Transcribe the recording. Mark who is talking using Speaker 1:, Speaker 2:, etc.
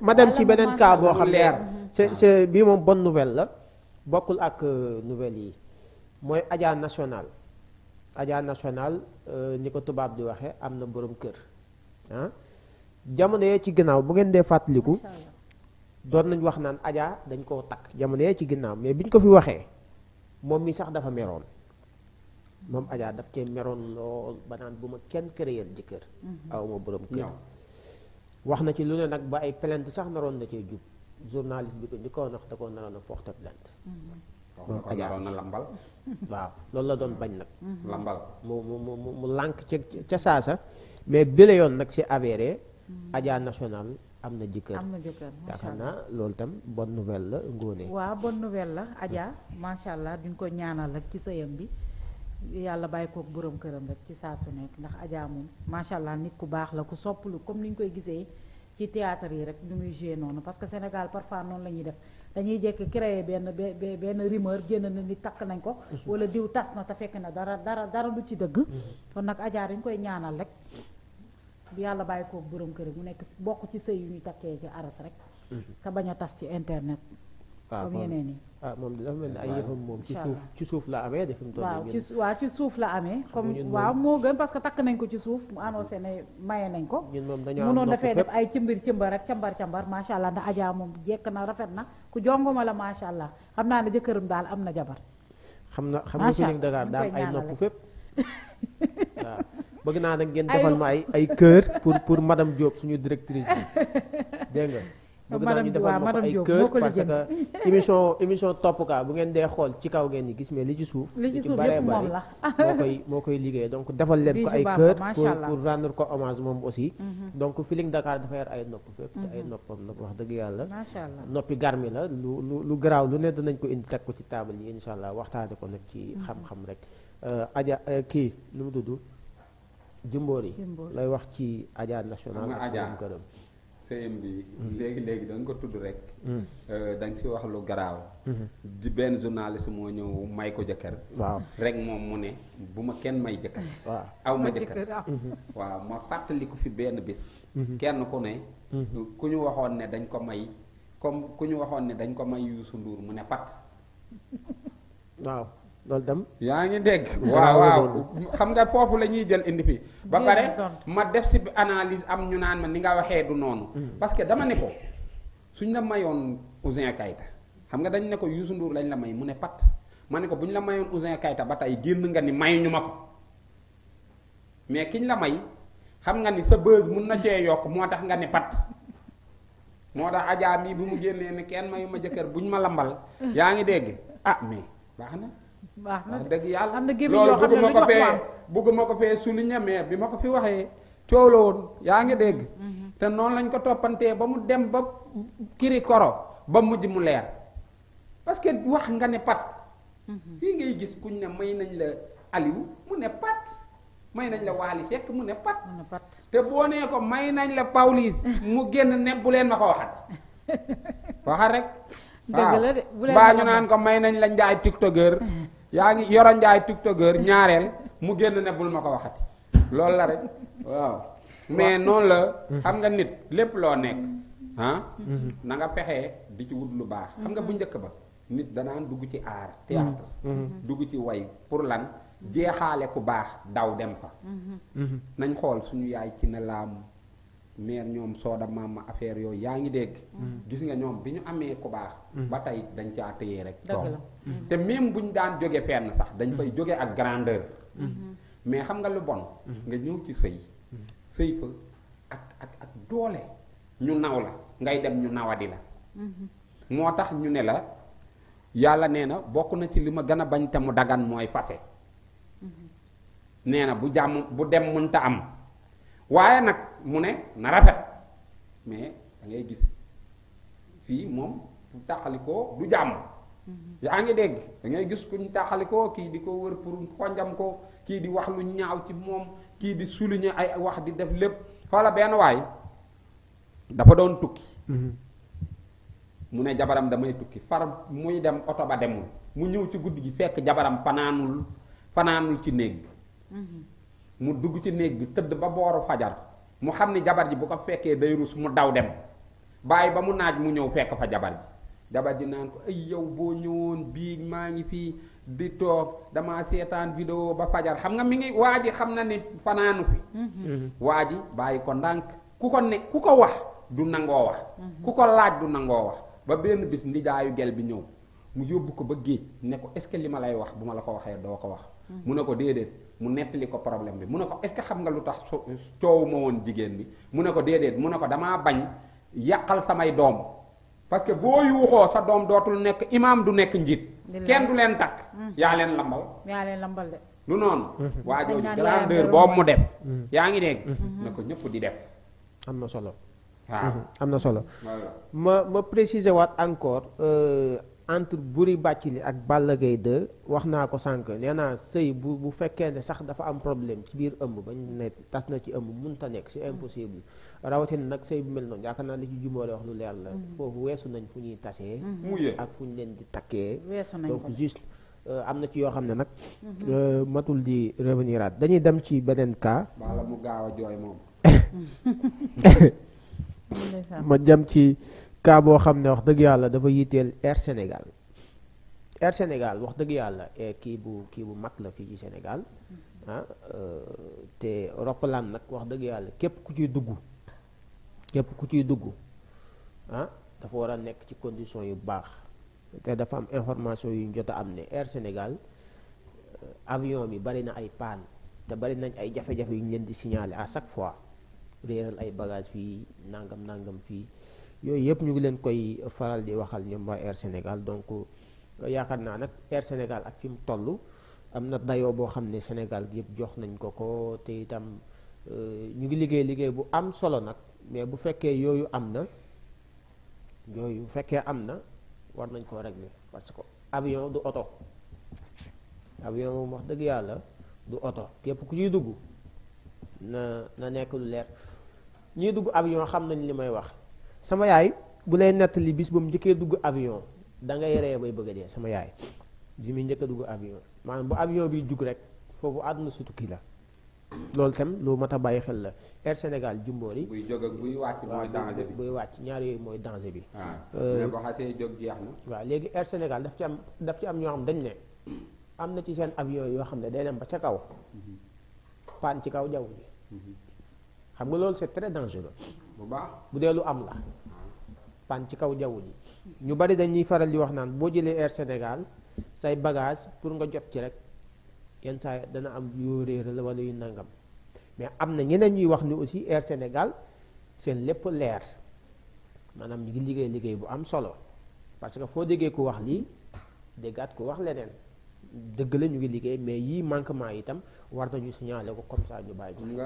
Speaker 1: ma dem ci beneen cas boo xam ne c'est ah. c'est bii moom bonne nouvelle la bokkul ak euh, nouvelle yi mooy Adja national Adja national euh, ni ko tubaab di waxee am na boroom kër ah. jamono yee ci ginnaaw bu ngeen dee fàttaliku doon nañ wax naan Adja dañ koo takk jamono yee ci ginnaaw mais biñ ko fi waxee moom mi sax dafa meroon moom Adja daf cee meroon lool ba naan bu ma kenn këreyal jëkkër mhm. kër ma borom kër wax na ci lu ne nag ba ay plainte sax naroon na cee jub journaliste bi ko njëkkoon wax da koo naroon a porter plainte waaw loolu la doon bañ nag mm-hmm. lambal mu mu mu mu lànk ca saasa mais bile yoon nag si avéré mm-hmm. aja national am na jëkkër am na jëkkër yaakaar naa loolu nouvelle la ngóone waaw bonne nouvelle la aja macha allah ko ñaanal ak ci sëyam bi yàlla bàyyi kook borom këram rek ci saa su nekk ndax Adja moom macha allah nit ku baax la ku soppalu comme ni ñu koy gisee ci théâtre yi rek ñu muy joué noonu parce que Sénégal parfois noonu la ñuy def dañuy jekk créer benn benn rumeur génn na ni takk nañ ko mm-hmm. wala diw tas na te fekk na dara dara dara lu ci dëgg mm-hmm. kon nag Adja dañ koy ñaanal rek yàlla bàyyi kook borom këram bu nekk bokk ci sëy yu ñu takkee ci aras rek mm-hmm. te bañ a tas ci internet Ah, comme yeneen yi ah moom dafa mel ni ay yëfam moom ci suuf ci suuf la amee de fi mu toll waaw ci suuf la amee comme waaw moo gën parce que takk nañ ko ci suuf mu annoncé ne maye nañ ko ñun moom dañoo mënoon dafay def ay cimbir cimbar ak cambar cambar macha allah ndax Adja moom jekk na rafet na ku jongoma la macha allah xam naa ne jëkkëram daal am na jabar xam na xam na fi nekk Dakar daal ay nopp fépp waaw bëgg naa nag ngeen defal ma ay ay cœur pour pour madame Diop suñu directrice bi
Speaker 2: bëgg naa ñu defal ko ay kër parce que
Speaker 1: émission émission topp kaa bu ngeen dee xool ci kaw ngeen di gis mais li ci suuf li ci baree bari moo koy moo koy liggéey donc defal leen ko ay kër pour pour rendre ko hommage moom aussi mhm. donc Feeling Dakar dafa yar ay nopp fépp te ay mhm. noppam nag wax dëgg yàlla noppi garmi la lu lu lu garaaw lu ne nañ ko indi teg ko ci taabal yi insha allah waxtaane ko nag ci mhm. xam-xam rek euh, aja euh, kii nu mu tudd jumboor yi lay wax ci aja national ak
Speaker 2: gërëm sëyam bi mm-hmm. léegi léegi da ko tudd rek mm-hmm. euh, da nga ci wax lu garaaw mm-hmm. di benn journaliste moo ñëw may ko jëkkër waaw rek moom mu ne bu ma kenn may jëkkër waaw aw ma jëkkër waaw ma fàttaliku fi benn bis kenn ku ne ku ñu waxoon ne dañ ko may comme ku ñu waxoon ne dañ ko may Youssou Ndour mu ne pat waaw loolu dem yaa ngi dégg waaw waaw xam nga foofu la ñuy jël indi fii ba pare ma def si analise am ñu naan ma ni nga waxee du noonu mm. parce que dama ne ko suñ la mayoon Ouzin Keita xam nga dañ ne ko Youssou Ndour lañ la may mu ne pat ma ne ko bu ñu la mayoon Ouzin kayta ba tey génn nga ni may ñu ma ko mais kiñ la may xam nga ni sa buzz mun na cee yokk moo tax nga ne pat moo tax ajaa mii bi mu génnee ni kenn mayu ma jëkkër ñu ma lambal mm. yaa ngi dégg ah mais baax na baax na dëgg yàlla am na gémmiñ yoo xam ne lu ñu wax loolu bugguma ko fee souligné mais bi ma ko fi waxee coow la yaa ngi dégg. Mm-hmm. te noonu lañ ko toppantee ba mu dem ba kiri koro ba mujj mu leer parce que wax nga ne pat. Mm-hmm. fii ngay gis kuñ ne may nañ la Aliou mu ne pat may nañ la Waly Seck mu ne pat. te boo nee ko may nañ la Pawlish mu génn ne bu leen ma ko waxat waxat rek.
Speaker 1: dëgg de bu leen ma ko naan ko
Speaker 2: may nañ la Ndiaye tiktokeur. yaa ngi Yoro Ndiaye tiktokeur ñaareel mu génn ne bul ma ko waxati loolu la rek waaw mais noonu la mhm. xam nga nit lépp loo nekk mhm. ah mhm. na nga pexee di ci wut lu baax xam nga bu njëkk ba nit danaan dugg ci aar théâtre dugg ci way pour lan jeexaale ku baax daw dem fa nañ xool suñu yaay ci na laamu maire ñoom sooda maama affaire yooyu yaa ngi dégg. Mm. gis nga ñoom bi ñu amee ku baax. Mm. ba tey dañ caa téye rek. Mm. te même bu ñu daan jóge fenn sax dañ fay jóge ak grandeur. Mm-hmm. mais xam nga lu bon. nga ñëw ci sëy. sëy fa ak ak ak doole ñu naw la ngay dem ñu nawadi la.
Speaker 1: Mm-hmm.
Speaker 2: moo tax ñu ne la yàlla nee na bokk na ci li ma gën a bañ te mu daggan mooy fase. Mm-hmm. nee na bu jàmm bu dem mënta am waaye nag. mu ne na rafet mais da ngay gis fii moom pour tàqalikoo du jàmm mhm. yaa ngi dégg dangay ngay gis kuñ tàqalikoo kii di ko wër pour xonjam ko kii di wax lu ñaaw ci moom kii di souligner ay wax di def lépp xoola benn waay dafa doon tukki mhm. mu ne jabaram damay tukki far muy dem oto ba demul mu ñëw ci guddi gi fekk jabaram fanaanul fanaanul ci néeg bi mhm. mu dugg ci néeg bi tëdd ba booru fajar mu xam ni jabar ji bu ko fekkee day rus mu daw dem bàyyi ba mu naaj mu ñëw fekk fa jabar ji jabar ji naan ko ay yow boo ñëwoon bii maa ngi fii di toog dama seetaan vidéo ba fajar xam nga mi ngi waa ji xam na nit fanaanu fi mm-hmm. waa ji bàyyi ko ndànk ku ko ne ku ko wax du nangoo wax mm-hmm. ku ko laaj du nangoo wax ba benn bis ndijaayu gel bi ñëw mu yóbbu ko ba géej ne ko est-ce que li ma lay wax bu ma la ko waxee doo ko wax. mu ne ko déedéet mu nettali ko problème bi mu ne ko est xam nga lu tax coow woon jigéen bi mu ne ko déedéet mu ne ko damaa bañ yàqal samay doom parce que boo yuuxoo sa doom dootul nekk imaam du nekk njiit. kenn du leen takk. Mm. yaa leen lambal.
Speaker 1: yaa lambal lu noonu. Mm-hmm. waa jooju grandeur boobu mu dem
Speaker 2: mm-hmm. yaa ngi dégg. Mm-hmm. ne ko ñëpp di def. am na solo. waaw
Speaker 1: am na solo. ma ma préciser encore. Euh, entre Boury Bathily ak Balla Gaye 2 wax naa ko sànq nee sëy bu bu fekkee ne sax dafa am problème ci biir ëmb bañ ne tas na ci ëmb mënut a nekk c'est impossible rawatina nag sëy bu mel noonu yaakaar naa li ci jumboole wax lu leer la. Mm-hmm. foofu weesu nañ fu ñuy tasee. Mm-hmm. ak fu ñu leen di takkee. weesu nañ donc juste euh, am na ci yoo xam ne nag. Mm-hmm. Euh, matul di revenir at dañuy dem ci beneen cas.
Speaker 2: wala mu gaaw
Speaker 1: ma jëm ci. kaa boo xam ne wax dëgg yàlla dafa yitteel Air Sénégal Air Sénégal wax dëgg yàlla eh, kii bu kii bu mag la fii ci Sénégal ah, euh, te roppalaan nag wax dëgg yàlla képp ku ciy dugg képp ku ciy dugg ah dafa war a nekk ci condition yu baax te dafa am information yu ñu jot a am ne Air Sénégal euh, avion bi bari na ay paan te bari nañ ay jafe-jafe yu leen di signaler à chaque fois réeral ay bagages fii nangam nangam fii. yooyu yëpp ñu ngi leen koy faral di waxal ñoom waa Air Sénégal donc yaakaar naa nag Air Sénégal ak fi mu toll am na dayoo boo xam ne Sénégal gi yëpp jox nañ ko ko te itam euh, ñu ngi liggéey liggéey bu am solo nag mais bu fekkee yooyu am na yooyu bu fekkee am na war nañ koo régler parce que avion du oto avion moom wax dëgg yàlla du oto képp ku ñuy dugg na na nekk lu leer ñiy dugg avion xam nañ li may wax. sama yaay bu lay nettali bis ba mu njëkkee dugg avion da ngay ree bay bëgg a dee sama yaay bi muy njëkk a dugg avion maanaam bu avion bi jug rek foofu àdduna su tukki la loolu tam lu mat a bàyyi xel la Air Sénégal jumboor yi. buy jóg ak buy wàcc mooy danger bi buy yooyu mooy
Speaker 2: danger bi. waaw ah, euh, boo xasee jeex na.
Speaker 1: waaw léegi Air Sénégal daf ci am daf ci am ñoo xam dañ ne am na ci seen avion yoo xam ne day dem ba ca kaw. Mhm. paan ci kaw jaww ji. Mhm. xam nga loolu c'est très dangereux. bu baax bu dee lu am la. pan ci kaw jaww yi ñu bari dañuy faral di wax naan boo jëlee Air Sénégal say bagage pour nga jot ci rek yenn saa dana am yoo réer la wala yu nangam mais am na ñeneen ñuy wax ni aussi Air Sénégal seen lépp leer maanaam ñu ngi liggéey liggéey bu am solo parce que foo déggee ku wax lii déggaat ku wax leneen. dëgg la ngi liggéey mais yii manquement itam war nañu signaler ko comme ça ñu bàyyi.